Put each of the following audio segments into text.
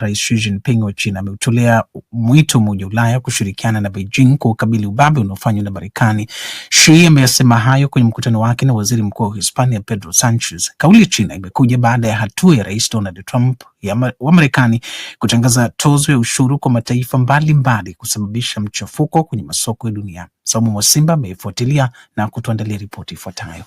Rais Xi Jinping wa China ameutolea mwito Umoja Ulaya kushirikiana na Beijing kwa ukabili ubabe unaofanywa na Marekani. Xi ameyasema hayo kwenye mkutano wake na waziri mkuu wa Hispania Pedro Sanchez. Kauli ya China imekuja baada ya hatua ya Rais Donald Trump ya wa Marekani kutangaza tozo ya ushuru kwa mataifa mbalimbali kusababisha mchafuko kwenye masoko ya dunia. Saumu Mwasimba ameifuatilia na kutuandalia ripoti ifuatayo.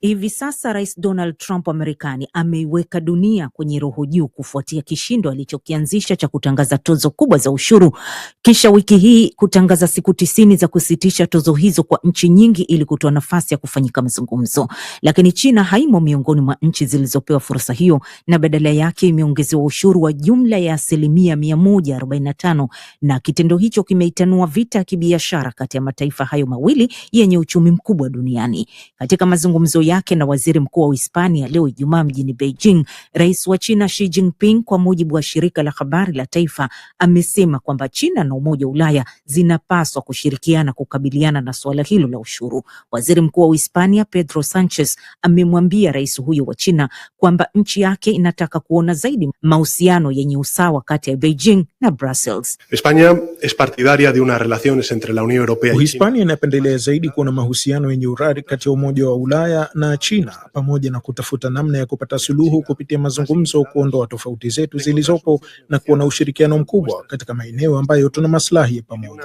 Hivi sasa Rais Donald Trump wa Marekani ameiweka dunia kwenye roho juu kufuatia kishindo alichokianzisha cha kutangaza tozo kubwa za ushuru, kisha wiki hii kutangaza siku tisini za kusitisha tozo hizo kwa nchi nyingi ili kutoa nafasi ya kufanyika mazungumzo. Lakini China haimo miongoni mwa nchi zilizopewa fursa hiyo na badala yake imeongezewa ushuru wa jumla ya asilimia mia moja arobaini na tano na kitendo hicho kimeitanua vita ya kibiashara kati ya mataifa hayo mawili yenye uchumi mkubwa duniani. Katika mazungumzo ya yake na waziri mkuu wa Hispania leo Ijumaa mjini Beijing, rais wa China Xi Jinping, kwa mujibu wa shirika la habari la taifa, amesema kwamba China na Umoja wa Ulaya zinapaswa kushirikiana kukabiliana na suala hilo la ushuru. Waziri mkuu wa hispania Pedro Sanchez amemwambia rais huyo wa China kwamba nchi yake inataka kuona zaidi mahusiano yenye usawa kati ya Beijing na Brussels. Hispania es partidaria de una relaciones entre la Unión Europea y China. Uhispania inapendelea zaidi kuona mahusiano yenye urari kati ya Umoja wa Ulaya na China pamoja na kutafuta namna ya kupata suluhu kupitia mazungumzo, kuondoa tofauti zetu zilizopo na kuwa na ushirikiano mkubwa katika maeneo ambayo tuna maslahi ya pamoja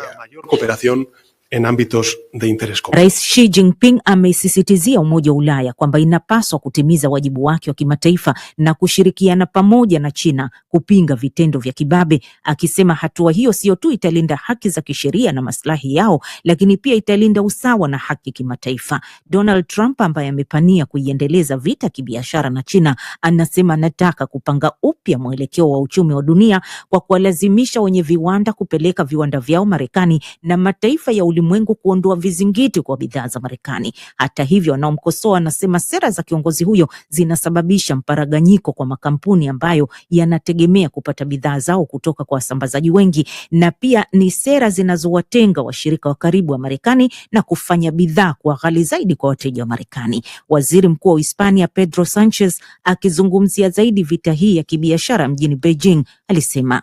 en ámbitos de interés común. Rais Xi Jinping amesisitizia Umoja wa Ulaya kwamba inapaswa kutimiza wajibu wake wa kimataifa na kushirikiana pamoja na China kupinga vitendo vya kibabe, akisema hatua hiyo sio tu italinda haki za kisheria na maslahi yao, lakini pia italinda usawa na haki kimataifa. Donald Trump ambaye amepania kuiendeleza vita kibiashara na China, anasema anataka kupanga upya mwelekeo wa uchumi wa dunia kwa kuwalazimisha wenye viwanda kupeleka viwanda vyao Marekani na mataifa ya ulimwengu ulimwengu kuondoa vizingiti kwa bidhaa za Marekani. Hata hivyo, wanaomkosoa wanasema sera za kiongozi huyo zinasababisha mparaganyiko kwa makampuni ambayo yanategemea kupata bidhaa zao kutoka kwa wasambazaji wengi, na pia ni sera zinazowatenga washirika wa karibu wa Marekani na kufanya bidhaa kuwa ghali zaidi kwa wateja wa Marekani. Waziri Mkuu wa Hispania Pedro Sanchez akizungumzia zaidi vita hii ya kibiashara mjini Beijing alisema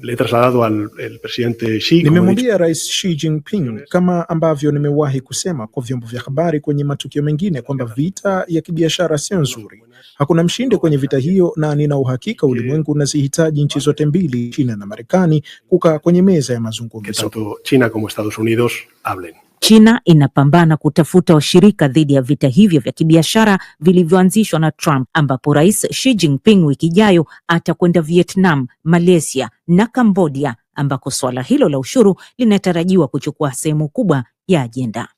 le he trasladado al el presidente Xi. Nimemwambia Rais Xi Jinping, kama ambavyo nimewahi kusema kwa vyombo vya habari kwenye matukio mengine, kwamba vita ya kibiashara sio nzuri. Hakuna mshindi kwenye vita hiyo, na nina uhakika ulimwengu unazihitaji nchi zote mbili, China na Marekani, kukaa kwenye meza ya mazungumzo. China inapambana kutafuta washirika dhidi ya vita hivyo vya kibiashara vilivyoanzishwa na Trump, ambapo Rais Xi Jinping wiki ijayo atakwenda Vietnam, Malaysia na Cambodia ambako suala hilo la ushuru linatarajiwa kuchukua sehemu kubwa ya ajenda.